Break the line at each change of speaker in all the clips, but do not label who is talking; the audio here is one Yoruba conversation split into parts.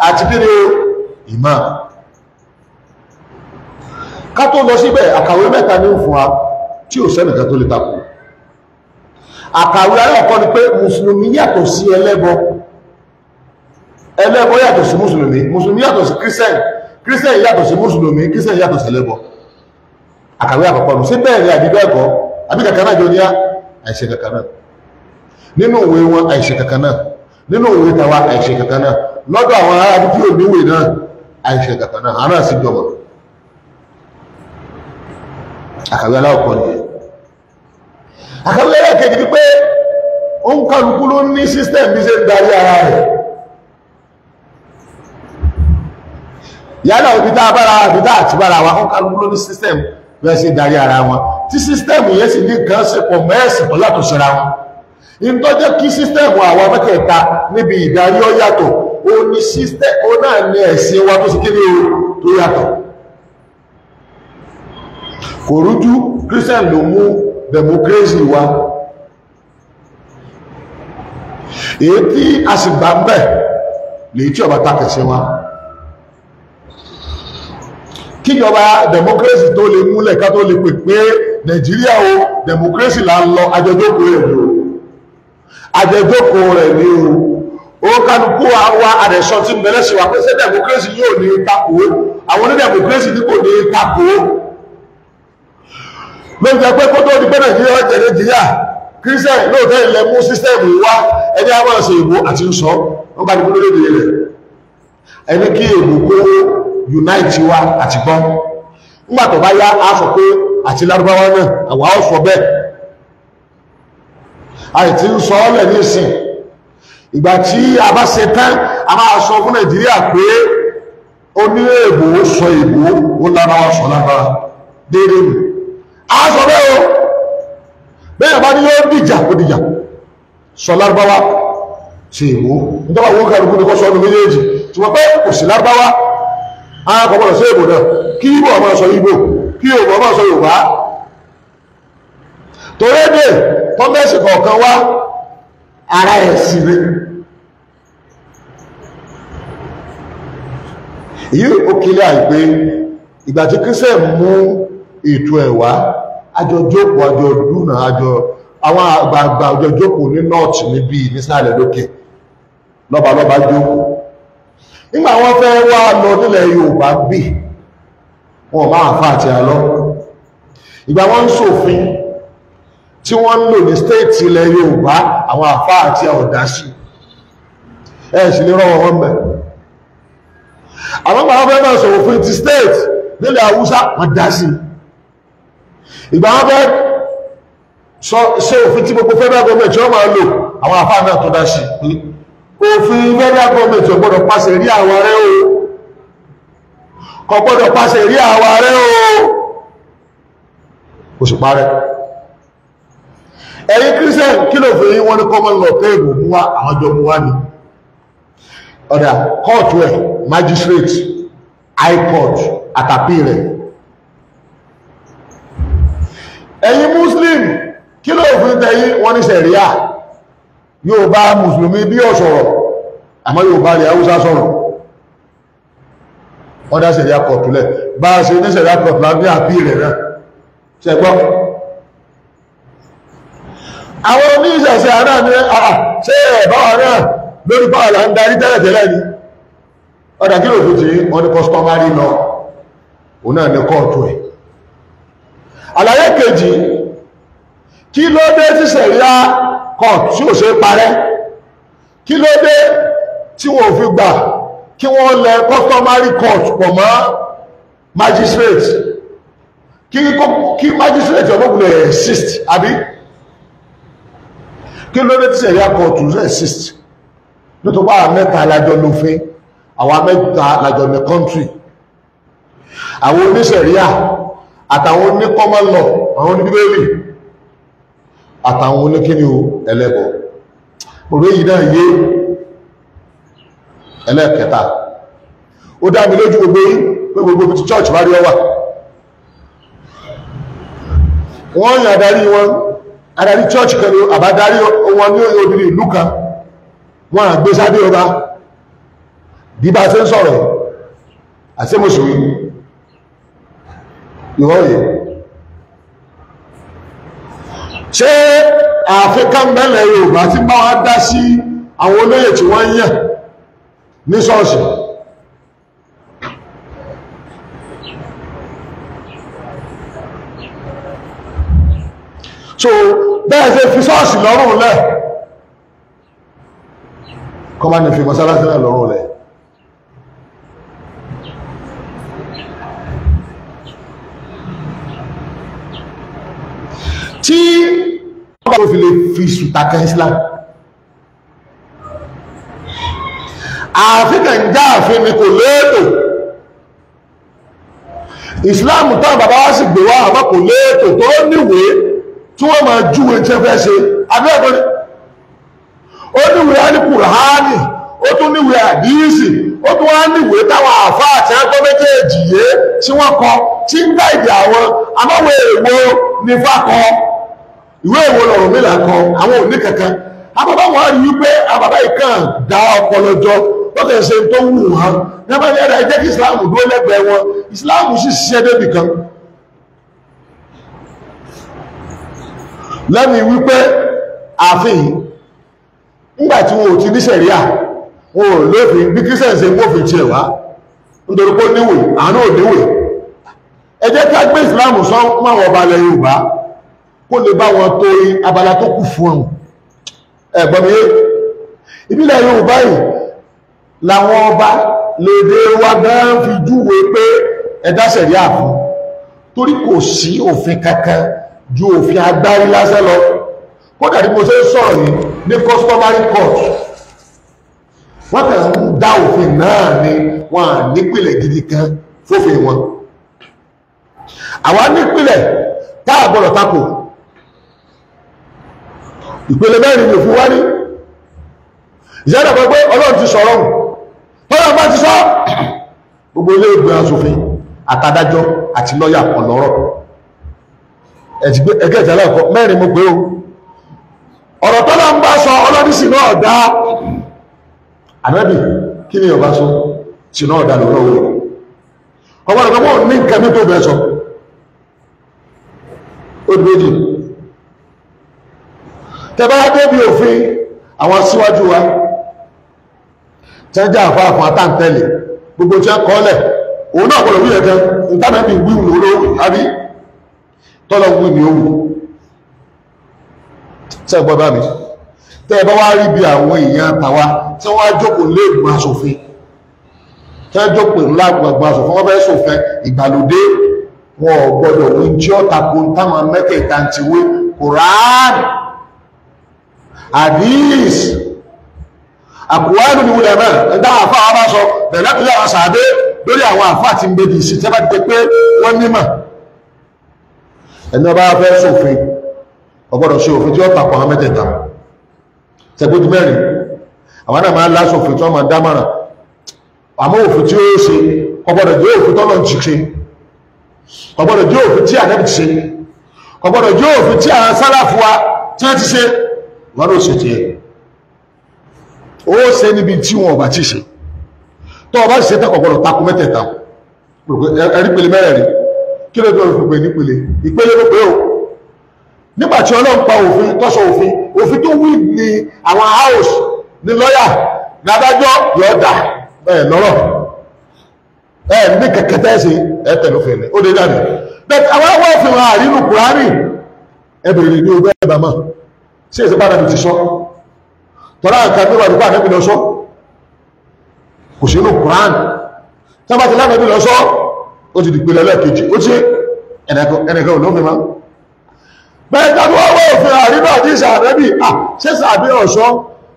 àti kí ni ìmọ̀ ká tó lọ síbẹ̀ àkàwé mẹ́ta ní fún wa tí ò sẹ́nìkan tó lè takò àkàwé aláàkọ́ ni pé mùsùlùmí yàtọ̀ sí ẹlẹ́bọ ẹlẹ́bọ yàtọ̀ sí mùsùlùmí mùsùlùmí yàtọ̀ sí kírísẹ́n kírísẹ́n yàtọ̀ sí mùsùlùmí kírísẹ́n yàtọ̀ sí ẹlẹ́bọ àkàwé àkọ́kọ́ nù sí bẹ́ẹ̀ ni àbíbẹ́ ẹ̀kọ́ àbí kàkà náà jọ ní àìṣe kàkà náà nínú òwe wọn àìṣe kàkà náà nínú òwe tàwa àìṣe kàkà náà lọ́dọ̀ àwọn aráàlú tí ò níwè náà àìṣe kàkà náà àná sí jọmọ àkàwé aláwọ̀kọ́ nìyẹn àkàwé aláwọ̀kejì wípé ó ń kálukú ló ní system bí ṣe ń darí ara rẹ̀ yálà òbí bára àbí àti bára wa ó ń ló ní system bí wọ́n ṣe darí ara wọn tí system yẹn sì ní kan ṣe pọ̀ mẹ́ẹ̀sì pọ̀ látòṣera wọn ìtọ́jẹ́ kí system àwọn mẹ́tẹ̀ẹ̀ta níbi ìdarí ó yàtọ̀ ó ní sísítẹ̀ ó náà ní ẹ̀sìn wa tó sì kí o tó yàtọ̀ kò rújú Christian ló mú democracy wa èyí tí a sì gbà ń bẹ̀ lè tí ọba takẹ̀sí wa kíjọba democracy tó lè múlẹ̀ ká tó lè pè pé Nàìjíríà o democracy là ń lọ àjọjókòó rẹ̀ ni o àjọjókòó rẹ̀ ni o ó kálukú wa àrẹ̀sọ tí bẹ̀rẹ̀ sí wa pé ṣé democracy yóò ní takò àwọn oní democracy ní kò ní takò ló ń jẹ pé kó tó di pé nàìjíríà jẹ nàìjíríà christian lóòótọ́ ilẹ̀ mú sísẹ́ẹ̀mù wá ẹni a máa ṣe èbó àti ń sọ wọ́n bá ní kúlódé dé rẹ̀ ẹni kí èbó kó unite wa àti gbọ́ nígbà tó bá yá a pé àti lárúbáwá náà àwa ó bẹ́ẹ̀ àìtí ń sọ ọ́ lẹ̀ ní ìsìn ìgbà tí a bá ṣe tán a máa sọ fún nàìjíríà pé onílé èbò ó sọ èbò ó lára wa sọ lára déédéé nù a sọ bẹ́ẹ̀ o bẹ́ẹ̀ bá ní yóò dìjà kó dìjà sọ lárúbáwá ṣe èbò nítorí àwọn kàlùkù ni kò sọ ọdún méjèèjì ṣùgbọ́n pé kò sí lárúbáwá a kò gbọdọ̀ sí èbò náà kí ibo ọmọ sọ ibo kí yorùbá ọmọ sọ yorùbá torí èdè tọ́mẹ́sì kọ̀ọ̀kan wá ara ẹ̀ sí rẹ̀. èyí ó kílẹ̀ àìpé ìgbà tí kírísẹ̀ mú ètò ẹ̀wá àjọ jókòó àjọ dúnà àjọ àwọn àgbààgbà àjọ jókòó ní nọ́ọ̀tì níbi nísàlẹ̀ lókè lọ́balọ́ba jókòó nígbà wọn fẹ́ wá lọ nílẹ̀ Yorùbá bì wọn máa fà àti ìgbà ń tí wọ́n ń lò ní stéètì ilẹ̀ Yorùbá àwọn àti ọ̀dá àwọn pàrọ̀ fẹ́ máa sọ̀rọ̀ fún ti state nílẹ̀ Haúsá wọ́n dá sí ìgbà wọn fẹ́ ṣe òfin tí gbogbo federal government yóò máa lò àwọn àfáà náà tó dá sí òfin federal government ò gbọ́dọ̀ pàṣẹ rí àwọn rẹ o kò gbọ́dọ̀ pàṣẹ rí àwọn rẹ o kò sì parẹ́ ẹ̀yin christian kí ló fi yín wọ́n ní common law tẹ́ ìbò mú wa àwọn jọ mú wa ni ọ̀dà court ẹ̀ magistrate high court àtàpé rẹ̀ ẹ̀yin muslim kí ló fi tẹ́yí wọ́n ní sẹ̀ríà yóò bá mùsùlùmí bí ọ̀ sọ̀rọ̀ àmọ́ yóò bá rẹ̀ haúsá sọ̀rọ̀ ọ̀dá sẹ̀ríà kọ̀tù lẹ̀ bá a ṣe ní sẹ̀ríà kọ̀tù lábí àpí rẹ̀ rẹ̀ ṣẹgbọ́n àwọn oníṣẹ̀ṣẹ̀ àná ní àà ṣe ẹ̀bá náà lórí pààlà ń darí tẹ́lẹ̀tẹ́lẹ̀ ni ọ̀dà kí lòkú tí wọ́n ní kọ́stọ́márì lọ òun náà ní kọ́ọ̀tù ẹ̀ àlàyé kejì kí ló dé tí sẹ̀ríà kọ́ọ̀tù tí ò ṣe parẹ́ kí ló dé tí wọ́n fi gbà kí wọ́n lẹ customary court pọ̀ mọ́ magistrate kí kí magistrate ọgbọ́gbùnlẹ̀ exist àbí kí ló dé tí sẹ̀ríà kọ́ọ̀tù exist nítorí àwọn mẹ́ta alájọ lófin àwọn mẹ́ta alájọ ní country àwọn oníṣẹ̀ríà àtàwọn oní common law àwọn oníbíbélì àtàwọn oníkíni ẹlẹ́bọ̀ òwe yìí náà yé ẹlẹ́ẹ̀kẹta ó dá mi lójú gbogbo pé gbogbo ti church bá rí ọwà wọ́n yàn adarí wọn adarí church kan ni àbádarí wọn ní òye obìnrin ìlú kan wọ́n àgbé sábé ọba bí bá ṣe ń sọ̀rọ̀ àti mùsùlùmí ìwọ́ye ṣé àfikán bẹ́lẹ̀ Yorùbá ti bá wá dá sí àwọn olóyè tí wọ́n yàn ní ṣọ́ọ̀ṣì so bẹ́ẹ̀ ṣe fi ṣọ́ọ̀ṣì lọ́rùn lẹ́ẹ̀ kọ́má ní fi mọ́sálásí náà lọ́rùn lẹ̀ tí ọba tó fi lè fi sùtàkà Islam àfíkà ń já àfin ni kò léètò Islam táwọn bàbá wá sì gbé wá àbá kò léètò tó níwèé tí wọ́n máa júwe tí wọ́n fẹ́ ṣe abẹ́ẹ̀kọ́ ni ó níwèé alukùránì ó tún níwèé àdíyèsí ó tún wá níwèé táwọn àáfàá àti ẹgbẹ́ méjèèjì kọ tí ń gbá ìdí àwọn amáwé èwo ní fákọ ìwé èwo lọ̀rọ̀ kọ àwọn òní kankan àbàbà wọn rí wípé wọn kan wípé àfihàn nígbà tí wọn ò ti ní sẹ̀ríà wọn ò lófin bí christian ṣe ń gbófin tiẹ̀ wá nítorí pé ó níwèé àánú ò níwèé ẹ jẹ́ ká gbé islam sán máwọn ọba ilẹ̀ yorùbá kó lè bá wọn tó abala tó kù fún ọ̀hún ẹ̀gbọ́n mi yé ìbílẹ̀ yorùbá yìí làwọn ọba lèdè wa gan fi júwe pé ẹ̀dá sẹ̀rí àfún torí kò sí òfin kankan ju òfin agbárí lásán lọ kódà tí mo ṣe ń sọ̀rọ̀ yìí ní customary court wọ́n kàn ń dá òfin náà ni wọ́n à nípìnlẹ̀ gidi kan fófin wọn àwa nípìnlẹ̀ tá a gbọ́dọ̀ tako ìpele mẹ́rin ni òfin wá ní ìṣẹ́dọ̀ pé ọlọ́run ti sọ̀rọ̀ tọ́lọ́run bá ti sọ gbogbo ilé ìgbìmọ̀ asòfin àtàdájọ́ àti lọ́ọ̀yà ọ̀lọ́rọ̀ ẹ̀jẹ̀ ìtẹ́lẹ̀ ọkọ̀ mẹ́rin mo gbé o ọ̀rọ̀ tọ́lá ń bá sọ ọlọ́dún sí náà dá ànábì kí ni ọba sọ sí náà dá lọ́rọ̀ òwúrọ̀ ọmọ ìgbàgbọ́ ní nǹkan ní tó bẹ̀ sọ ó dúró tẹ́bá débi òfin àwọn síwájú wa tẹ́jà àfa àfọn gbogbo tí kọ́ lẹ̀ òun náà gbọ́dọ̀ wíwù àbí tọ́lọ̀ ni ó wù ṣe ẹ̀gbọ́n bá mi tẹ́ ẹ bá wá rí bí àwọn èèyàn tàwa tí wọ́n á jókòó léègbò aṣòfin tí wọ́n jókòó ńlá gbàgbà aṣòfin wọ́n fẹ́ ṣòfin ìgbàlódé wọn ò gbọdọ̀ ní tí ó tako táwọn mẹ́tẹ̀ẹ̀ta ti wé Quran hadith àkùwárù ni wúlẹ̀ náà ẹ̀dá àfa àbá sọ bẹ̀rẹ̀ láti lẹ́wọ̀n sàdé lórí àwọn àfa àti mbèdì sí tẹ́ bá ti pé wọ́n nímọ̀ ẹni ọgbọ́dọ̀ ṣe òfin tí ó tàpọ̀ àwọn mẹ́tẹ̀ẹ̀ta tẹgbójú mẹ́rin àwọn náà máa láṣọ òfin tí wọ́n máa dámàrà àmọ́ òfin tí ó ṣe ọgbọ́dọ̀ jẹ́ òfin tọ́nà ti ṣe ọgbọ́dọ̀ jẹ́ òfin tí àdẹ́bì ti ṣe ọgbọ́dọ̀ jẹ́ òfin tí àwọn sálàfù wa tí wọ́n ti ṣe wọ́n ló ṣe tiẹ̀ ó ṣe níbi tí wọn ọba ti ṣe tó ọba ṣe tẹ́kọ̀ gbọ́dọ̀ takú mẹ́tẹ̀ẹ̀ta ẹ̀rí pele mẹ́rẹ̀ẹ̀rin kí ló dé o nígbàtí ọlọ́run pa òfin tọ́sọ òfin òfin tó wí ní àwọn house ní lọ́yà ládájọ́ yọ̀ọ́dà ẹ̀ lọ́rọ̀ ẹ̀ ní kẹ̀kẹ́ tẹ́sí ẹ̀ tẹ̀lé òfin rẹ̀ ó dé dànù bẹ́ẹ̀ àwọn ọwọ́ òfin wa àrínú kùránì ẹ bèrè ní ogún ẹ̀ bàmọ́ sí èsì bá dàbí ti sọ tọ́lá nǹkan bí wà nípa ànábì lọ sọ kò sí inú kùránì tábàtì lánàbì lọ sọ ó ti dìgbélé lẹ́ẹ̀kejì ó ti ẹnìkan ò lófin máa bẹ́ẹ̀ tàbí wọ́n wọ́n òfin àríbà tí sàrẹ́bì ṣe sàbí ọ̀ṣọ́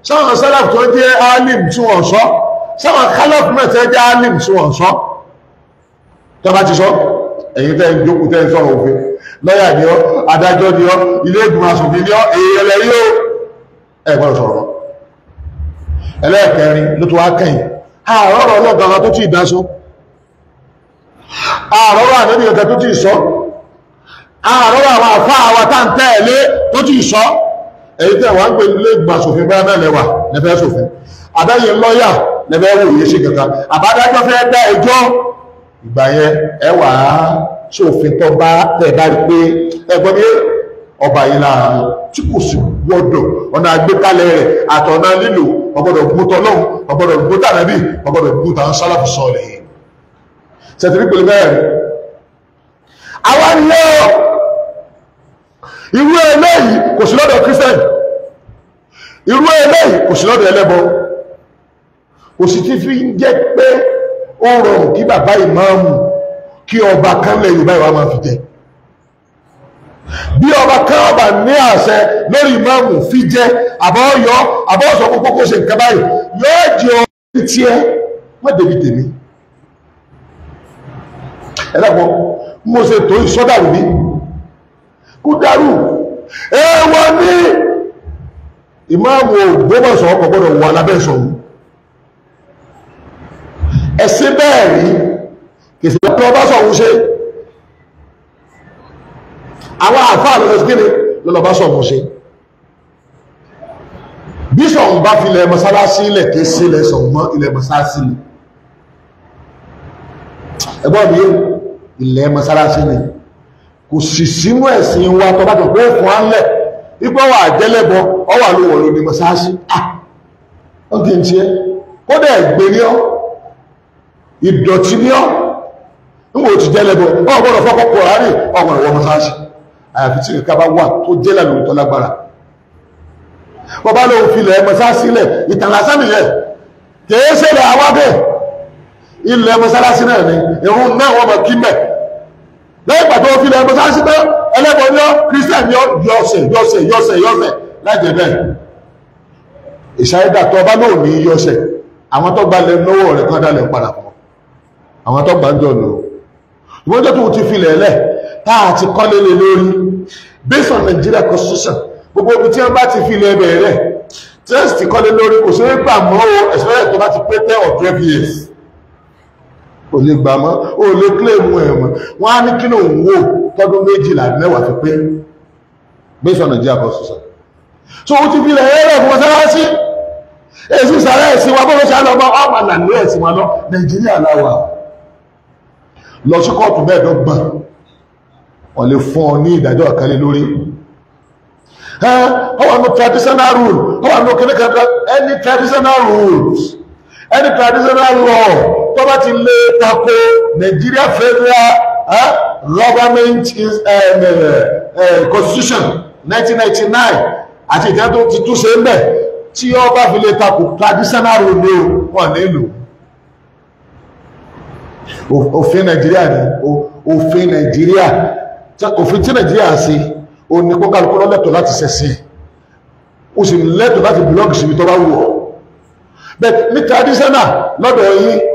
sáwọn sálàf tó jẹ́ alim tí wọ́n sọ sáwọn kálàf mẹ́tẹ́ jẹ́ alim tí wọ́n sọ tọ́bá ti sọ ẹ̀yin tẹ́ ìjókòó tẹ́ sọ̀rọ̀ òfin lọ́yà ni ọ́ adájọ́ ni ọ́ ilé ìgbìmọ̀ asòfin ni ọ́ èèyàn lẹ́rí ó ẹ̀gbọ́n sọ̀rọ̀ ẹlẹ́ẹ̀kẹrin ló tó wá kẹ́yìn àárọ̀ ọlọ́gbàrá tó ti ìdásó àárọ̀ àdébìyàn tó ti sọ àárọ̀ àwọn àfá àwa tá ń tẹ́ẹ̀lé tó ti sọ èyí tẹ̀ wọ́n ń pè lè gbà sòfin bá náà lẹ́wà lẹ́fẹ́ sòfin àbẹ́yẹ lọ́yà lẹ́fẹ́ wò yé sí kankan àbádájọ́ fẹ́ dá ẹjọ́ ìgbà yẹn ẹ wà á sòfin tó bá tẹ̀ bá rí pé ẹgbọ́n mi ọba yìí láàrin tí kò sì gbọdọ̀ ọ̀nà àgbékalẹ̀ rẹ̀ àtọ̀nà lílò ọgbọ́dọ̀ gbótọ́ lọ́hùn ọgbọ́dọ̀ gbótà nàbí ọgbọ́dọ̀ gbótà ń sálàfù sọ̀rọ̀ yìí ṣètìrí pẹ̀lú bẹ́ẹ̀ àwọn ilé irú eléyìí kò sí lọ́dọ̀ christian irú eléyìí kò sí lọ́dọ̀ ẹlẹ́bọ kò sì ti fi ń jẹ́ pé ó rọrùn kí bàbá ìmáàmù kí ọba kan lè yorùbá ìwà máa fi jẹ bí ọba kan ọba ní àṣẹ lórí ìmáàmù fi jẹ àbọ̀ọ̀yọ́ àbọ̀ọ̀sọ̀ kókó kó ṣe nǹkan báyìí yóò jẹ ọ̀rẹ́ tiẹ̀ wọ́n débi tèmi ẹ̀dàgbọ́n mo ṣe tó ìsọdà rèé kú dárú ẹwà ní ìmáàmù Ògbómọ̀ṣọ́ ọkọ̀ gbọ́dọ̀ wà lábẹ́ ìṣọ̀rú ẹ̀sìn bẹ́ẹ̀ rí kìsì lọ́pọ̀ ọba sọ̀rú ṣe
àwọn àfáà lọ́lọ́ sí
kíni lọ́lọ́bá sọ̀rú ṣe bíṣọ̀n bá fi ilẹ̀ mọ́sálásí ilẹ̀ ké sílẹ̀ sọ̀gbọ́n ilẹ̀ mọ́sálásí ilẹ̀ ẹgbọ́n mi ilẹ̀ mọ́sálásí ilẹ̀ kò sì sínú ẹ̀sìn wa tọ́ bá jọ pé ẹ̀fọn á lẹ̀ ipò wà jẹ́lẹ́bọ ọwà ló wọ̀ lónìí mọ́sáàsì à wọ́n kì í tiẹ́ kódà ẹ̀gbẹ́ ni ọ́ ìdọ̀tí ni ọ́ nígbà ó ti jẹ́lẹ́bọ ọ̀ gbọ́dọ̀ fọ́kọ́ pọ̀ rárí ọgbọ̀n ìwọ mọ́sáàsì àyàfi tí nǹkan bá wà tó jẹ́lẹ̀ lórí tọ́ lágbára bọ́bá ló fi ilẹ̀ mọ́sáàsì lẹ̀ ìtàn lásán nìyẹn kèé ṣẹlẹ̀ àwábẹ̀ ilẹ̀ mọ́sáàsì náà ni ìrún náà wọ́n mọ̀ kí mẹ́ lẹ́yìn pàtó fi lẹ́yìn pàtó sí pé ẹlẹ́bọn ní Christian ní yọ̀ọ̀sẹ̀ yọ̀ọ̀sẹ̀ yọ̀ọ̀sẹ̀ yọ̀ọ̀sẹ̀ láìjẹ́ bẹ́ẹ̀ ìṣàyẹ̀dà tó ọba náà ní yọ̀ọ̀sẹ̀ àwọn tó gba lẹ́nu lọ́wọ́ rẹ̀ kan dálẹ̀ padà pọ̀ àwọn tó gbà ń jọ lò ìwọ́n tó tún ti filẹ̀ ẹ̀lẹ̀ tá a ti kọ́lé lé lórí based on Nigeria constitution gbogbo ibi tí wọ́n bá ti filẹ̀ ẹ̀bẹ̀ rẹ̀ test kọ́lé lórí kò sí gbà kò lè gbà mọ́ ó lè kílèmù ẹ̀ wọ́n á ní kí ló ń wò tọ́dún méjìlá mẹ́wàá fi pé based on Nigeria constitution so ó ti fi lẹ̀ ẹ̀rẹ̀ fún mọ́sálásí èsì sàrẹ́ ẹ̀sìn wa bọ́lá sàrẹ́ ọba ọmọ àlàní ẹ̀sìn wa lọ Nàìjíríà láwà lọ sí kóòtù mẹ́ẹ̀ẹ́dọ́gbọ̀n wọ́n lè fún ọ ní ìdájọ́ àkálẹ̀ lórí ọwọ́ no traditional rule ọwọ́ no kìnnìkan any traditional rules any traditional law tó bá ti lé tako Nigeria federal government is, um, constitution 1999 àti ìtẹ́ tó ti túnṣe ń bẹ̀ tí ó bá fi lé tako traditional rule wọn nílò òfin Nàìjíríà ni òfin Nàìjíríà òfin tí Nàìjíríà ṣe ó ní kó kálukú lọ́lẹ́tọ̀ láti ṣẹ̀ṣẹ̀ ó sì lẹ́tọ̀ láti búlọ́ọ̀gì síbi tó bá wù ọ́ bẹ́ẹ̀ ní traditional lọ́dọ̀ yìí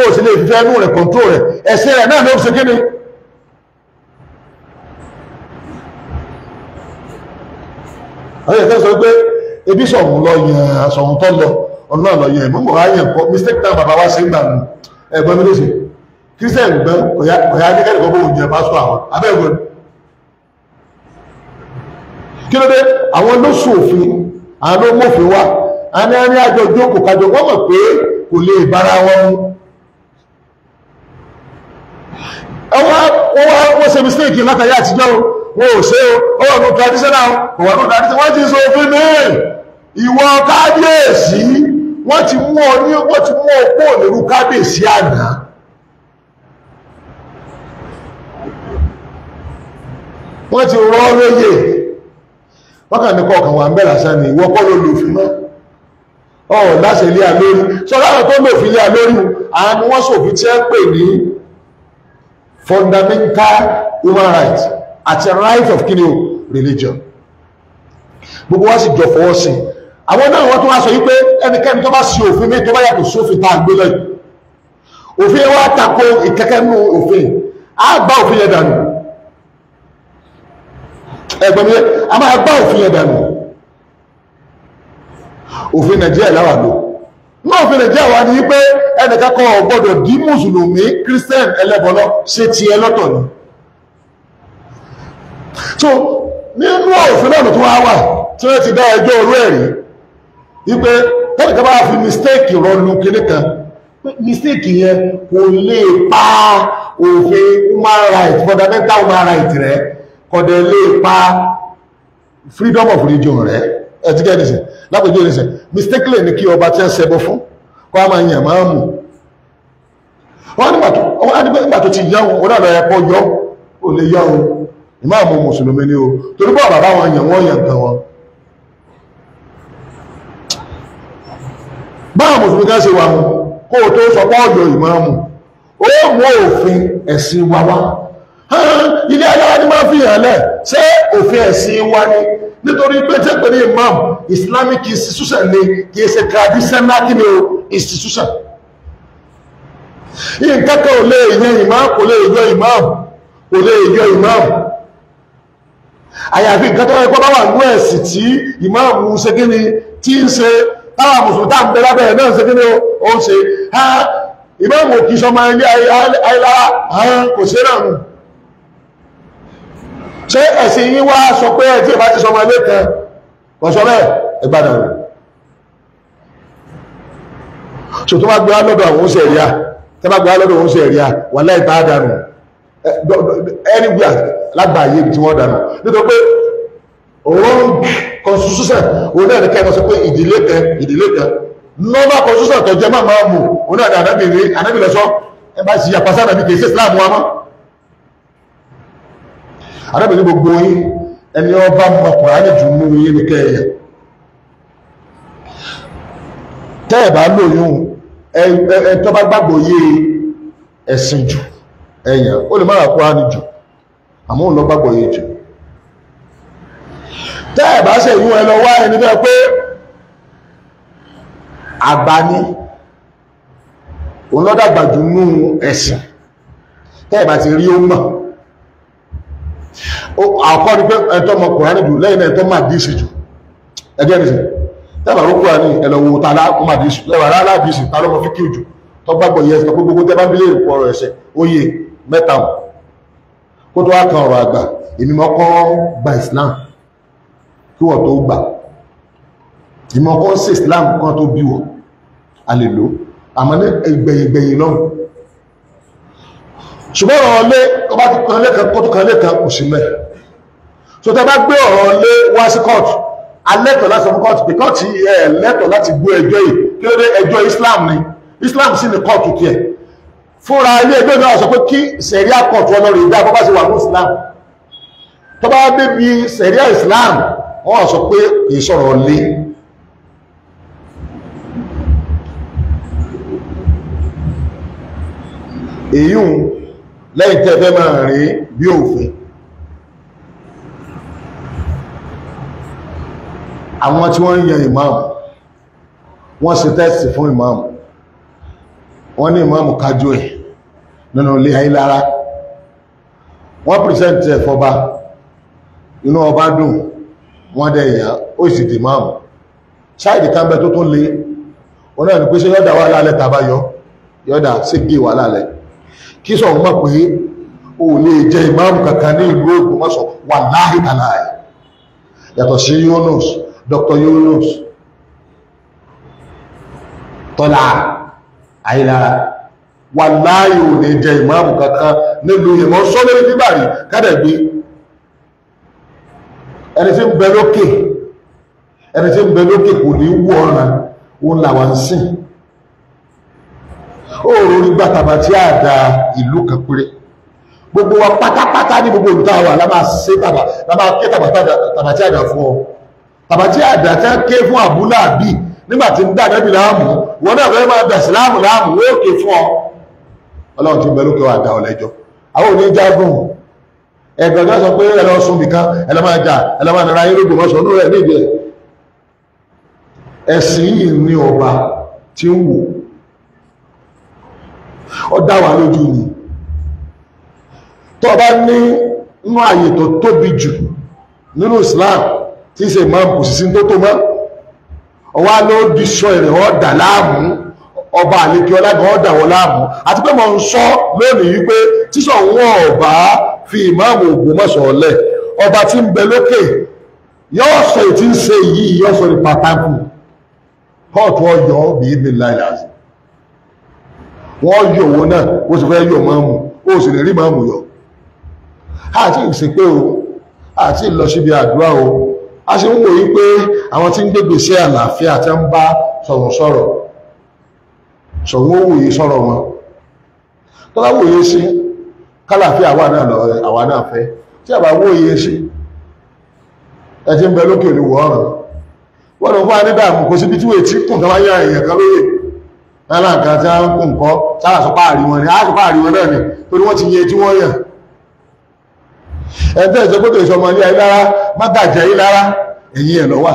ó sì lè fẹ́ inú rẹ̀ kọ̀ǹtró rẹ̀ ẹ̀sìn rẹ̀ náà ló ṣe kíni. àwọn ìyẹn fẹ́ sọ pé ebi sọ̀hún lọ yẹn sọ̀hún tọ́ lọ ọ̀nà lọ yẹn mọ́mọ́ ayẹ̀ kọ́ mistake náà bàbá wa ṣe ń gbà nù ẹ̀gbọ́n mi ló ṣe kírísítẹ̀nì gbẹ kọ̀yà akẹ́kẹ̀ẹ́ kọ́ bóun jẹ pásítọ̀ àwọn abẹ́ẹ̀gbọ́n kí ló dé àwọn ló ṣòfin àwọn ló mọ̀fin wa a ní a ní àjọ jókòó kájọ wọ́n mọ̀ pé kò lè bára wọn mu wọ́n ṣe mistake látàrí àtijọ́ wọn ò ṣe ó wọ́n nù traditional kò wọ́n nù traditional wọ́n ti sọ fún mi ìwọ kábíyèsí wọ́n ti mú ọ ní wọ́n ti mú ọ kó òlèrú kábíyèsí àná wọ́n ti rọ́ lóye wọ́n kàn ní kọ̀ọ̀kan wà ń bẹ̀rẹ̀ àṣà ni ìwọ kọ́ ló lò fún náà ọ̀ láṣẹ ilé àlórí sọ láwọn tó lò fún ilé àlórí àwọn ni wọ́n ṣòfin tí ẹ pè ní fundamental human rights àti right of kí ni o religion gbogbo wa sì jọ fọwọ́ sí àwọn náà wọ́n tó wá sọ wípé ẹnikẹ́ni tó bá sí òfin mi tó bá yàtọ̀ sófin tá a gbé lẹ́yìn òfin wa tako ìkẹ́kẹ́ nínú òfin a gbá òfin yẹn dànù ẹgbẹ́ mi a máa gbá òfin yẹn dànù òfin Nàìjíríà láwà lò náà fi lè jẹ́ àwa ni wípé ẹnìkankan ò gbọ́dọ̀ di mùsùlùmí christian ẹlẹ́bọ̀lọ́ ṣe ti ẹ lọ́tọ̀ ni so nínú òfin náà tó wá wà tí wọ́n ti dá ẹjọ́ orú ẹ̀rí wípé tẹ́nìkan bá fi mistake rọlu kinní kan mistake yẹn kò lè pa òfin human rights fundamental human rights rẹ kò dẹ̀ lè pa freedom of religion rẹ. Right? ẹ̀tíkẹ́ nìsẹ̀ lápòjú nìsẹ̀ mistakele ni kí ọba tí ń ṣẹbọ fún kó a máa yàn máa mú wọn nígbà tó ti yáwọn onáàlọ ẹ̀kọ́ yọ ò lè yáwọn ìmáàmù mùsùlùmí ni o torí bọ́ bàbá wọn yàn wọ́n yàn gan wọn báwọn mùsùlùmí kan ṣe wà mú kó o tó sọ pé ọ̀dọ̀ ìmáàmù ó mú òfin ẹ̀sìn wa wá ilé ayára ní máa fi hàn lẹ̀ ṣé òfin ẹ̀sìn wa ni nítorí pé tẹ́pẹ̀ ní imam islamic institution ni kì í ṣe traditional kí ni o institution nǹkan kan ò lè yan imam kò lè yọ imam kò lè yọ imam àyàfi nǹkan tó ẹgbọ́n bá wà ní ẹ̀sìn tí imam ṣe kí ni tí ń ṣe táwa mùsùlùmí táà ń bẹ lábẹ́ ẹ̀ náà ṣe kí ni ó ń ṣe imam òkì sọmọ ilé ayélujára kò ṣe náà nù ṣé ẹ̀sìn yín wá sọ pé ẹ̀tí ìbá ti sọ ọmọ ilé kan wọ́n sọ bẹ́ẹ̀ ìgbàdàn rẹ̀ so tó bá gbé wá lọ́dọ̀ àwọn oúnjẹ ẹ̀ríà tó bá gbé wá lọ́dọ̀ oúnjẹ ẹ̀ríà wà láì bá dànù anywhere lágbàáyé tí wọ́n dànù nítorí pé wrong constitution òun náà ní kẹ́kọ̀ọ́ sọ pé ìdílé kan ìdílé kan normal constitution tó jẹ́ máa máa mú òun náà ní anábìrin anábìrin lọ sọ ẹ bá ṣe àpasá arábìnrin gbogbo yín ẹni ọba mọkùnrin jù mú yín ní kẹyẹ tẹ́ ẹ̀ bá lóyún ẹ tó bá gbàgbọ́ yé ẹ̀sìn jù ẹ̀yàn ó lè má ra Kùránì jù àmọ́ òun lọ gbàgbọ́ yé jù tẹ́ ẹ̀ bá ṣe ìyún ẹ lọ wá ẹni bẹ́ẹ̀ pé àgbà òun lọ́dàgbà jù nú ẹ̀sìn tẹ́ ẹ̀ bá ti rí ó mọ̀ àkọ́ ni pé ẹ̀tọ́ ọmọ kùránì jù lẹ́yìn ẹ̀tọ́ máa dí sí jù ẹgbẹ́ mi sì tẹ́lá ló kúrò ní ẹ̀lọ́wọ́ ta lá máa dí sí lẹ́wà rárá dí sí ta ló mọ fi kí jù tó gbàgbọ́ yẹn sọ pé gbogbo tẹ́ bá bílẹ̀ ìpọ̀ ọ̀rọ̀ ẹ̀ṣẹ̀ oyè mẹ́ta hù kó tó wá kan ọ̀rọ̀ àgbà èmi mọ́ kọ́ gba Islam kí wọ́n tó gbà ìmọ̀ kọ́ sí Islam kan tó bí wọ́n a lè àmọ́ ní ìgbẹ̀yìn ìgbẹ̀yìn lọ́hùn ṣùgbọ́n ọ̀rọ̀ lé tó bá tún kan lẹ́kan kó tún kan lẹ́kan kò sí mẹ́ so tá bá gbé ọ̀rọ̀ lé wá sí kóòtù alẹ́tọ̀ láti sọ fún kóòtù pé kóòtù ẹ̀ lẹ́tọ̀ láti gbé ẹjọ́ yìí kí ló dé ẹjọ́ Islam ni Islam sì ni kóòtù tiẹ̀ fúnra ilé ẹgbẹ́ náà sọ pé kí sẹ̀ríà kóòtù ọlọ́rin ìdá bọ́ bá sì wà ní Islam tó bá débi sẹ̀ríà Islam wọ́n sọ pé kì í sọ̀rọ̀ lé èyí lẹ́yìn tẹ́ fẹ́ máa rí bí òfin àwọn tí wọ́n ń yan imam wọ́n ṣe tẹ́sì fún imam wọ́n ní imam kájú ẹ̀ nínú ilé ayélára wọ́n pìrìsẹ́ntì ẹ̀ fọba inú ọba dùn wọ́n dẹ̀ yà ó sì di imam ṣáìdì kánbẹ́ tó tún lé onáà ní pé ṣe yọ́dà wà lálẹ́ tàbá yọ yọ́dà sí gé wà lálẹ́ kí sọ wọn pé o lè jẹ ìmáàmù kankan ní ìlú Ògbómọ̀ṣọ́ wà láì àlàyé yàtọ̀ sí Yunus Dr. Yunus tọ́lá àìlára wà láì ò lè jẹ ìmáàmù kankan nílùú ìmọ̀ sọ́lẹ̀ bíbàrí kádẹ̀gbé ẹni tí ń bẹ lókè ẹni tí ń bẹ lókè kò ní wú ọ̀ràn òun làwọn sìn òòrùn nígbà tàbá tí a da ìlú kan péré gbogbo wa pátápátá ní gbogbo olùtá wa la máa ṣe tàbá la máa ké tàbá tí a dà fún ọ tàbá tí a dà tí a ké fún àbúlà bíi nígbà tí ń dá àdábì láàmú wọn náà fẹ́ máa bẹ̀sẹ̀ láàmú láàmú ó ké fún ọ ọlọ́run ti bẹ lókè wa dá ọ lẹ́jọ́ àwọn òní jágùn ẹ̀gbọ́n náà sọ pé ẹ lọ sùn nìkan ẹ lọ máa jà ẹ lọ máa nara ayé lóògùn mọ́sán ní ìbẹ̀rẹ̀ ẹ̀sìn yìí ní ọba tí ń wò ó dá wa lójú ni tó bá ní inú àyè tó tóbi jù nínú Islam tí ṣe máa kù sí tó tó mọ́ ọwá ló di sọ èrè ọ̀dà láàmú ọba àlekí ọlágbọ̀n ọ̀dà wọn láàmú àti pé mo ń sọ lónìí wípé tíṣọ̀ wọn ọba fi ìmáàmù Ògbómọ̀ṣọ́ lẹ̀ ọba tí ń bẹ lókè yóò sọ ètí ń ṣe yìí yóò sọ ní pàtàkì kóòtù Ọ̀yọ́ bíi mi láìláàzì wọ́n yọ owó náà ó sì fẹ́ yọ máàmù ó sì lè rí máàmù yọ àti ìsìnpé o àti ìlọ síbi àdúrà o a ṣe ń wò yí pé àwọn tí ń gbégbè sí àlàáfíà tí ń bá sọ̀rọ̀ sọ̀rọ̀ sọ̀rọ̀ ó wòye sọ̀rọ̀ wọn tọ́lá wòye sí kálàfíà àwa náà lọ àwa náà fẹ́ tí àbá wòye sí ẹ ti ń bẹ lókè olùwọ̀ ọ̀ràn wọ́n lọ fún anídàmù kò síbi tí wòye tí kùn tó wáyé àyẹ̀kan ẹlà nǹkan tí a ń kún nǹkan sáàsọpá àríwọn ni àásọpá àríwọn náà ni torí wọ́n ti yẹ tí wọ́n yàn ẹ̀tẹ́ ìṣẹ́gbótò ìṣọmọ ní ayélára mọ́gàjẹ́ ayélára ẹ̀yìn ẹ̀ lọ́wà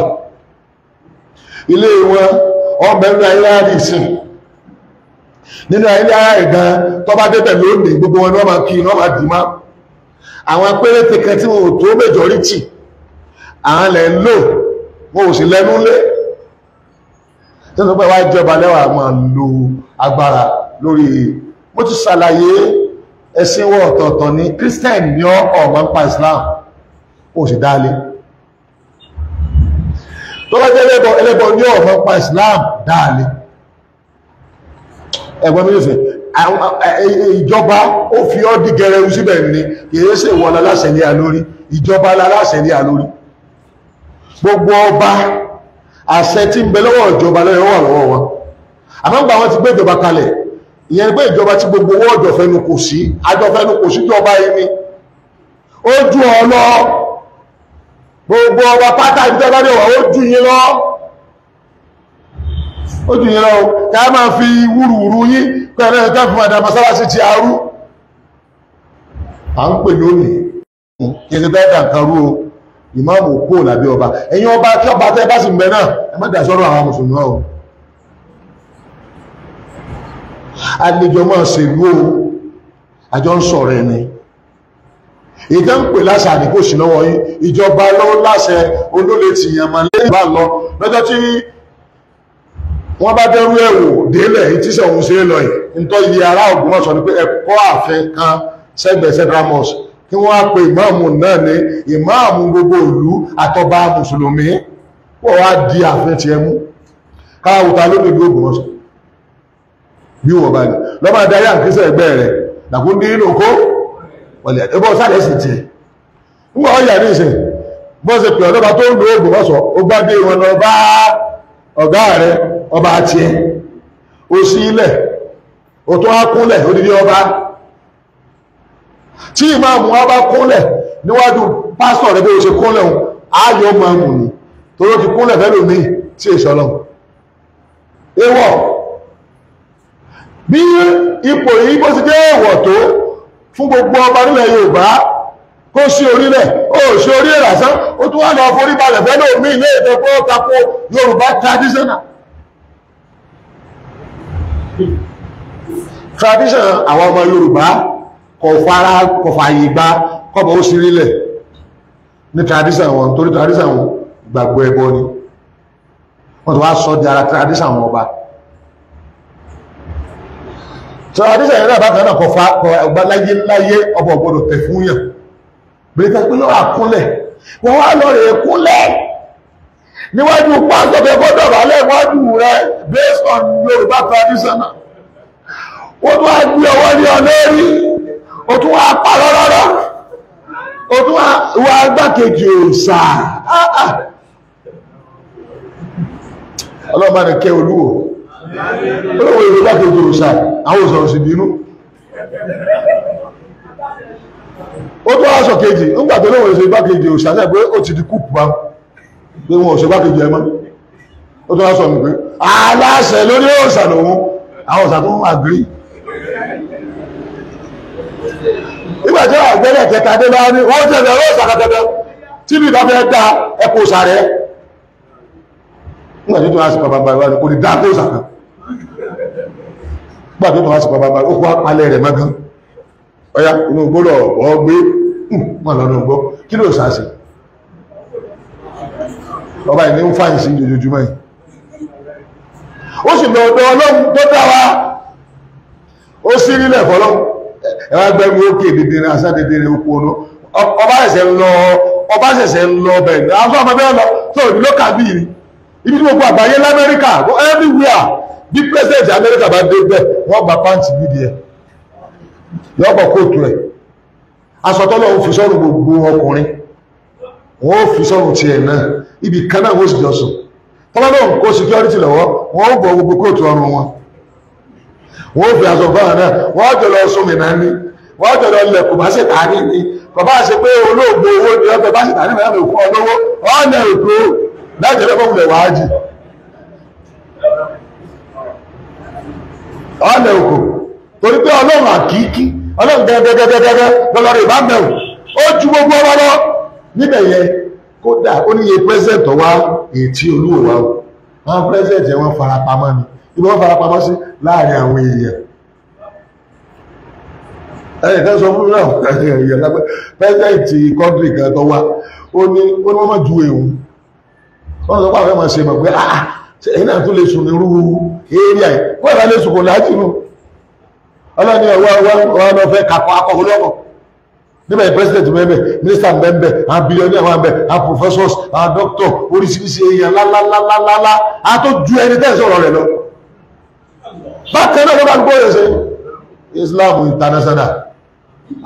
ilé wọn ọmọ ẹ̀rọ ayélára ní ìsìn nínú ayélára ẹ̀gan tó bá débẹ̀ lónìí gbogbo wọn ni wọ́n máa kí wọ́n máa dìímá àwọn péréte kan tí wọn ò tó méjọ́rítì àwọn lẹ́ ń lò wọn ò sì lẹ́nu lé tí wọ́n pẹ́ wá jọba lẹ́wà máa lo agbára lórí e. mo ti ṣàlàyé ẹ̀sìn wọ ọ̀tọ̀ọ̀tọ̀ ní Christian ní ọmọ ń pa Islam ó sì dálé tó bá jẹ́ ẹlẹ́bọ ẹlẹ́bọ ní ọmọ ń pa Islam dálé ẹ̀gbọ́n mi yóò fẹ́ ìjọba ó fi ọ́ dí gẹrẹrú síbẹ̀ ní kìí ṣe ìwọ̀n aláṣẹ̀lẹ̀ àlórí ìjọba aláṣẹ̀lẹ̀ àlórí gbogbo ọba àṣẹ tí ń bẹ lọ́wọ́ ìjọba lọ́yọ́ wà lọ́wọ́ wọn ti gbé ìjọba kalẹ̀ ìyẹn pé ìjọba gbogbo owó ọ̀dọ̀ kò sí àjọ kò ju ọ lọ gbogbo ọba pátá ìjọba ní ọ̀wà ju yín lọ ó ju yín lọ máa fi wúruwúru yín pẹ̀lú ẹ̀ka fún àdá masalasi ti arú à ń pè lónìí kí ìmáàmù kó làbí ọba ẹ̀yin ọba kí ọba tẹ́ bá sì ń bẹ náà ẹ má dàsọ́rọ̀ àwọn mùsùlùmí náà o àlejò máa ṣèlú o àjọ ń sọ̀rọ̀ ẹni ìdá ń pè láṣà ní kò sí lọ́wọ́ yín ìjọba ló láṣẹ olólè tì yàn máa lẹ́yìn bá lọ lọ́jọ́ tí wọ́n bá dẹ́rú ẹ̀wò délẹ̀ ìtísẹ̀ òun ṣe é lọ yìí ń tọ́ iye ará Ògbómọ̀ṣọ́ ni pé ẹ̀kọ́ àfẹ́ kan sẹ́gbẹ̀ẹ́ central kí wọ́n á pe ìmáàmù náà ní ìmáàmù gbogbo ìlú àtọba mùsùlùmí pọ̀ wá di àfin ti ẹmú káwùta lórí ìlú ògbómọ̀ṣọ́ bí wọ́n bá ní lọ́mọ adarí àkísẹ́ ẹgbẹ́ rẹ̀ làkún dín inú kó wọlé ẹbọ sáré sì tiẹ̀ ń wọ́n yà ní pè ọ́ ọba tiẹ̀ ó sí ilẹ̀ ọba tí ìmáàmù wa bá kúnlẹ̀ níwájú pásítọ̀ rẹ̀ bí o ṣe kúnlẹ̀ òun ayọ̀ máàmù ni torí ó ti kúnlẹ̀ fẹ́ lómi tí èso lọ. ewọ bí ipò yìí bó ti jẹ́ èèwọ̀ tó fún gbogbo ọba nílẹ̀ Yorùbá kó sí orílẹ̀ ó sí orílẹ̀ lásán ó tún wà lọ forí balẹ̀ fẹ́ lómi ilé ìtọ́kọ́ tako Yorùbá traditional tradition àwọn ọmọ Yorùbá kọ̀fara kọ̀fàyè gba kọ́bọ̀ ó sí rílẹ̀ ní tradition wọn torí tradition wọn gbàgbọ́ ẹbọ ni wọ́n tó wá sọ di ara tradition wọn ọba tradition yẹn náà bá kanáà kọ̀fà ọgbà láyé láyé ọba ọgbọ́dọ̀ tẹ̀ fún yàn bẹ́ẹ̀ fẹ́ pé lọ́wọ́ àkúnlẹ̀ wọ́n wá lọ rè kúnlẹ̀ níwájú pásítọ̀ fẹ́ gbọ́dọ̀ wà lẹ́wájú rẹ based on Yorùbá tradition náà wọ́n tó wá gbé ọwọ́ ní ọ lórí ó tún wá pa rọ́rọ́rọ́ ó tún wá gbákejì òòṣà ọlọ́mọ ni kẹ́ olúwo olówó èrò gbákejì òòṣà àwọn òòṣà òsì bínú ó tún wá sọ kejì nígbà tó lóun èso gbákejì òòṣà náà pé ó ti di kúùpù wa pé wọn ò ṣe gbákejì ẹ mọ́ ó tún wá sọ mi pé aláṣẹ lórí òòṣà lòun àwọn òòṣà tó nígbà tí wọ́n àgbẹ̀rẹ̀ kẹta dé lọ́wọ́ ní wọ́n tẹ̀lé ọ̀rọ̀ ìsàkàtẹ̀lẹ̀ tí ní ìbáfẹ́ da ẹ̀kọ́ sàrẹ́ nígbà tí wọ́n á sì pàpà bàbá rẹ̀ kò ní dá tó sàkà nígbà tí wọ́n á sì pàpà bàbá rẹ̀ ó kó apalẹ̀ rẹ̀ mọ́gán ọ̀yá inú gbọ́dọ̀ wọ́n gbé wọn lọ́nà gbọ́ kí ló sàṣe ọba ìní ń fàyìn sí ojoojúmọ́ yìí ó sì lọ ọ̀dọ̀ ọlọ́run tó dára ó sí nílẹ̀ fọlọ́run ẹwà gbẹ́rù òkè bìbìrì àṣà bìbìrì òkú ọ̀nà ọba ṣẹ̀ṣẹ̀ lọ ọba ṣẹ̀ṣẹ̀ ń lọ bẹ̀rẹ̀ bẹ́ẹ̀ lọ ibi tí àgbáyé l'Amẹ́ríkà everywhere bí president Amẹ́ríkà bá dé bẹ́ẹ̀ wọ́n gba pàǹtì nídìí ẹ̀ yọ́gbọ̀ kóòtù ẹ̀ asọ̀tọ́lọ̀ ò fi gbogbo ọkùnrin wọ́n fi sọ́rùn ti náà ibi kan wọ́n sì jọ sùn tọ́lọ́lọ́ security lọ́wọ́ wọ́n ó bọ̀ gbogbo kóòtù wọn wọ́n fi aṣọ fáwọn náà wọ́n jọ lọ sún mi náà ní wọ́n jọ lọ lẹ̀ kò bá ṣe tà ní ní kò bá ṣe pé olóògbé owó ni wọ́n fẹ́ bá ṣe tà ní ìmọ̀ ìlànà òkú ọlọ́wọ́ wọ́n nà èkó láti ẹ̀rọ fún ilẹ̀ wáájì wọ́n nà èkó torí pé ọlọ́run àkíkí ọlọ́run gẹ́gẹ́gẹ́gẹ́gẹ́ lọ́lọ́rọ̀ ìbámẹ́wò ó ju gbogbo ọwọ́ lọ níbẹ̀ yẹn kódà ó níye pẹ́sẹ̀ntọ̀ wá ètí o wọn pẹ́sẹ̀ntì wọn farapamọ́ ni ibi wọ́n farapamọ́ sí láàrin àwọn èèyàn ẹ̀yìn kan sọ fún náà èèyàn lápẹ́ pẹ́sidẹ̀ntì kọ́ńtì kan tó wá ó ní ó ní wọ́n má ju èèwù wọ́n sọ pé àwọn ẹ̀ma ṣe mọ̀ pé ah, ah ẹ̀yin náà tún lè sùn nírú area yìí wọ́n náà lè sùn kò láàjì nù ọlọ́ni ẹ̀wọ́ wọn lọ fẹ́ kakọ akọ lọ́kọ̀ níbẹ̀ president mẹ́bẹ̀ minister mẹ́bẹ̀ àwọn billionaire àwọn mẹ́bẹ̀ àwọn professors àwọn doctor oríṣiríṣi èèyàn lálálálálá àtọ́jú ẹni tẹ́ sọ̀rọ̀ rẹ̀ lọ bákan náà ló bá gbọ́ rẹ̀ ṣe Islam international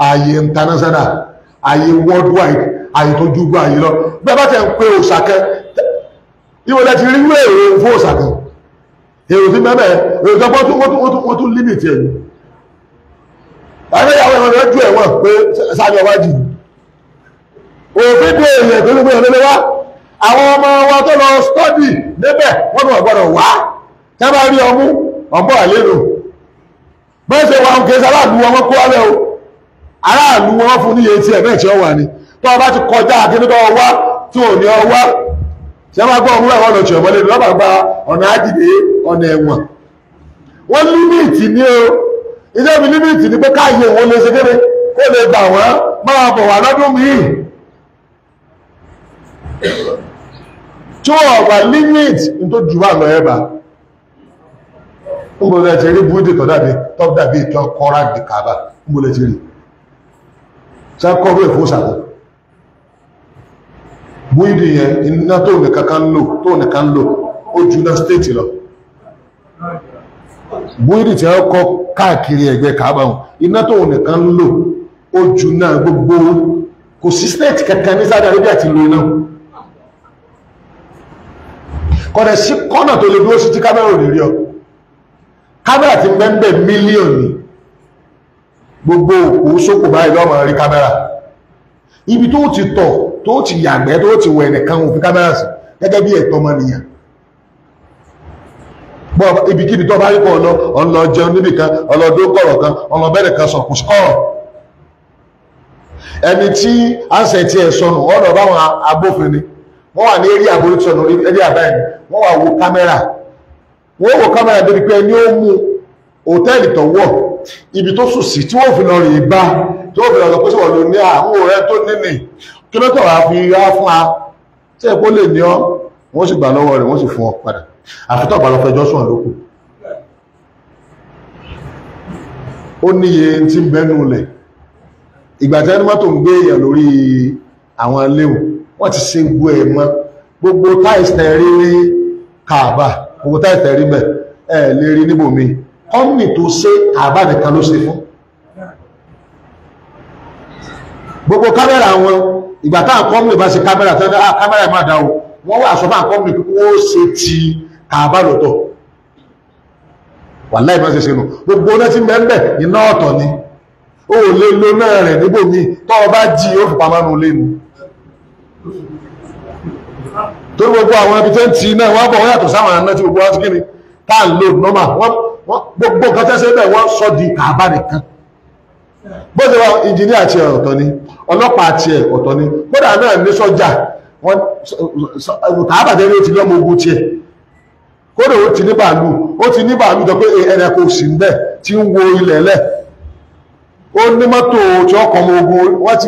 ààyè international ààyè worldwide ààyè tó jú gbọ́ ààyè lọ bẹ́ẹ̀ bá tẹ̀ ń pé òṣàkẹ́ ìwọ̀n lẹ́ti rí wé èrò fún òṣàkẹ́ èrò tí mẹ́mẹ́ èrò tó pọ́ tó tún límìtì ẹ̀ ẹgbẹ́ ìyàwó ẹ̀wọ̀n rẹ̀ ju ẹ̀wọ̀n pé sáré ọwájì òfin dé èèyàn tó ló gbé ọ̀nà lọ́wọ́ àwọn ọmọ wa tó lọ stọ́dì débẹ̀ wọ́n mọ̀ gbọ́dọ̀ wá tẹ́ bá rí ọmú ọ̀pọ̀ àlérò bẹ́ẹ̀ṣẹ̀ wa ń kéèsì aláàlú wọn kó alẹ́ o aláàlú wọn fún níye tí ẹ̀ mẹ́ẹ̀ṣẹ́ wà ní tọ́ bá ti kọjá akíníkọ́ ọwá tí ò ní ọwá si a máa gbọ́ ọmúlẹ̀ ọ̀nà ní lọ́bàá gba ọ̀nà ọ̀nà ẹ̀wọ̀n wọ́n límìtì ní o iṣẹ́ mi límìtì ní pé káàyè lè ṣe lè gbà wọ́n máa bọ̀ lọ́dún tí wọ́n límìtì ní tó jù gbọ́dọ̀ ti rí búrúdì tó dàbí tó dàbí ìtọ́ kọ́ra di kàbà gbọ́dọ̀ ti rí sá kọ́rọ̀ ìfowósàkó búrúdì yẹn iná tó ne kan lò tó nìkan lò ó ju iná stéètì lọ búrúdì tí wọ́n kọ́ káàkiri ẹ̀gbẹ́ kàbà wọn iná tó nìkan lò ó ju náà gbogbo kò sí stéètì kankan ní Saudi Arabia ti lo iná kọ̀dẹ̀ sí kọ́nà tó lè dúró sí ti kámẹ́rà ò ọ kámẹ́rà ti gbẹ́ngbẹ́ mílíọ̀nù gbogbo òkú sókò báyìí lọ́mọ rí kámẹ́rà ibi tó ti tọ̀ tó ti yàgbẹ́ tó ti wẹ̀ nìkan òfin kámẹ́rà sí gẹ́gẹ́ bí ẹ̀tọ́ ọmọnìyàn bọ́ ibikíbi tó bá rí kọ́ ọlọ ọlọ jẹun níbì kan ọlọdún kọ̀rọ̀ kan ọlọbẹ̀rẹ̀ kan sọ̀kùn sọ̀rọ̀ ẹni tí àṣẹ tí sọnù ọ̀dọ̀ báwọn agbófinrin wọ́n wà ní eré àbórí sọnù eré àbáyé wọ́n wà wo kámẹ́rà wọ́n wò kámẹ́rà débi pé ẹni ó mú hòtẹ́ẹ̀lì tó wọ̀ ibi tó sùn sí tí wọ́n fi lọ rí i bá tí wọ́n fi lọ pé sọ̀rọ̀ ló ní àwọn ọ̀rẹ́ tó níní kí lọ́tọ̀ wá fi rá fún wa tí ẹ̀ kó lè ní ọ́ wọ́n sì gbà lọ́wọ́ rẹ̀ wọ́n sì fún ọ padà àfitọ́ àbálọ́fẹjọ́ sùn lókù ó níye tí ń bẹ́nu lẹ̀ ìgbà tí ẹni mọ́tò ń gbé èèyàn lórí àwọn léwu wọ́n ti ṣe gbogbo táìsì tẹ̀ rí rí kàbà owó tá ìtẹ̀rí mẹ́ ẹ̀ lè rí níbò mi kọ́mì tó ṣe àbánìkan ló ṣe fún gbogbo kámẹ́rà wọn ìgbà táwọn kọ́mì bá ṣe kámẹ́rà tán á ah, kámẹ́rà má dá o wọ́n wà sọ fáwọn kọ́mì pé wọ́n ṣe ti Kaaba lọ́tọ̀ wà láì má ṣe ṣe nù gbogbo náà ti mẹ́ńbẹ̀ iná ọ̀tọ̀ ni ó lè lo náà rẹ̀ níbò mi tọ́ bá jí ó fi pamọ́ nù lẹ́nu torí gbogbo àwọn ibi tó ń ti iná wọ́n bọ̀ wọ́n yàtọ̀ sáwọn àná tí gbogbo wọn ti kíni táà ń lò nọ́mà gbogbo nǹkan tẹ́sẹ̀ bẹ́ẹ̀ wọ́n sọ di kàbá nìkan bó ṣe wá ìjìníà tiẹ̀ ọ̀tọ̀ ni ọlọ́pàá tiẹ̀ ọ̀tọ̀ ni kódà náà ní sọ́jà wọn kàbà tẹ́lẹ̀ ó ti lọ́mọ ogun tiẹ̀ kódà ó ti ní bàálù ó ti ní bàálù tó pé ẹ̀rẹ̀ kò sí ń bẹ̀ tí ń wo ilẹ̀ lẹ̀ ó ní mọ́tò tí ọkọ̀ ọmọ ogun wọ́n ti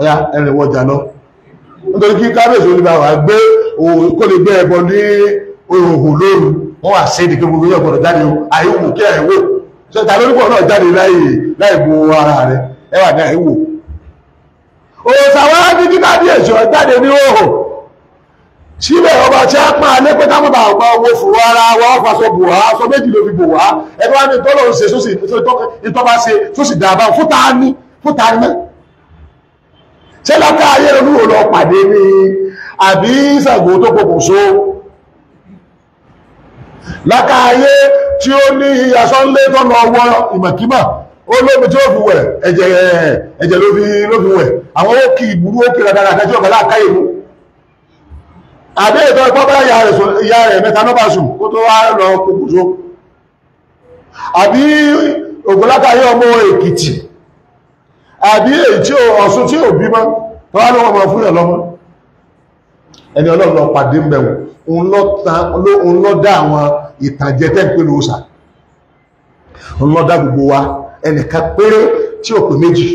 ọ̀yá ẹ̀rìn wọjà lọ nítorí kí kábíyèsí olùbáwà gbé kó lè gbé ẹbọ ní òhòhò lóru wọ́n wà sí ìdíkẹ́ gbogbo yóò gbọ́dọ̀ jáde àìwò kí àìwò ṣe ta lórí pọ̀ náà jáde láì bo ara rẹ̀ ẹ wà ní àìwò òòsà wá ní kí kábíyèsí ọ̀ jáde ní òhò síbẹ̀ ọba tí a pa alẹ́ pé táwọn bá ọgbà owó fòrò ara wa ọ̀fà sọ bò wá sọ méjì ló fi bò wá ẹgbẹ́ wa ní tọ́lọ̀ ń ṣe tó sì dáa bá fúta ní fúta ní mẹ́rin ṣé lọ́kà ayélujú lọ pàdé ní àbí Ṣàngó tó pokùnso lọ́kà ayé tí ó ní ìyàsọ́nlé tó lọ wọ ìmọ̀kímọ̀ ó lómi tí ó fi wẹ̀ ẹ̀jẹ̀ ẹ̀jẹ̀ ló fi ló fi wẹ̀ àwọn ó kì í burú ó kì í rárá kẹjọ ọ̀gá láàkáyè mú àbí ètò ẹ̀kọ́ bá ìyá rẹ̀ mẹ́ta lọ́bà sùn kó tó wá lọ pokùnso àbí ògùnlákàyé ọmọ Èkìtì àbí èyí tí ọ̀sùn tí ò bímọ tó wá ní wọn máa fún yàn lọ́mọ ẹni ọlọ́run lọ pàdé ń bẹ̀wò òun lọ dá àwọn ìtànjẹ tẹ́ ń pè lóòsà òun lọ dá gbogbo wa ẹnìkan péré tí ò pé méjì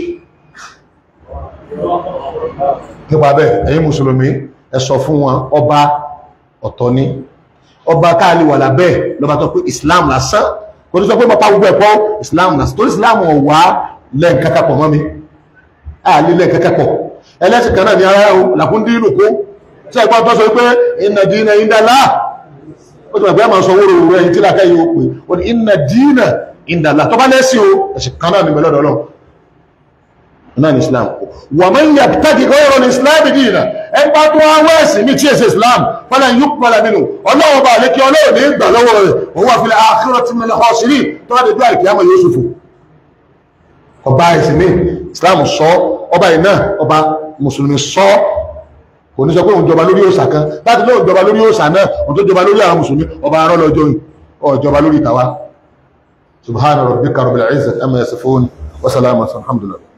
nípa bẹ́ẹ̀ ẹ̀yin mùsùlùmí ẹ sọ fún wọn ọba ọ̀tọ̀ ni ọba káàlì wà lábẹ́ lọ́ba pé Islam lásán kò ní sọ pé mo pa gbogbo Islam lásán torí Islam ọ̀wá lẹ́ǹkàkà pọ̀ mọ́ mi àlélẹ̀ ah, kẹ́kẹ́pọ̀ ẹlẹ́sìn kan náà ni ara ohun làkúndí lòkó tí ẹgbọ́n tó sọ pé iná dínà ìdálá ó ti mọ̀gbẹ́ máa sọ owó rẹ̀ ẹ̀yìn tí làkà yìí ó pè ó ní iná dínà ìdálá tó bá lẹ́sìn o ẹ̀sìn kan náà ni mẹ́lọ́dọ̀ ọlọ́run náà ní islam wà máa ń yà tàbí ọ̀rọ̀ ní islam dínà ẹ bá tó wá ẹ̀sìn mi tí èsì islam fọlá yìí kú padà nínú ọlọ́run bá lè kí ní ìgbà lọ́wọ́ rẹ̀ òun wà fi ọba ẹ̀sìn mi Islam sọ ọba yìí náà ọba mùsùlùmí sọ kò ní sọ pé òun jọba lórí òòṣà kan láti lóun jọba lórí òòṣà náà òun tó jọba lórí àwọn mùsùlùmí ọba arán lọ́jọ́ yìí ọjọba lórí tàwa subhana rabbika rabbil izzati amma yasifun wa salamun alhamdulillah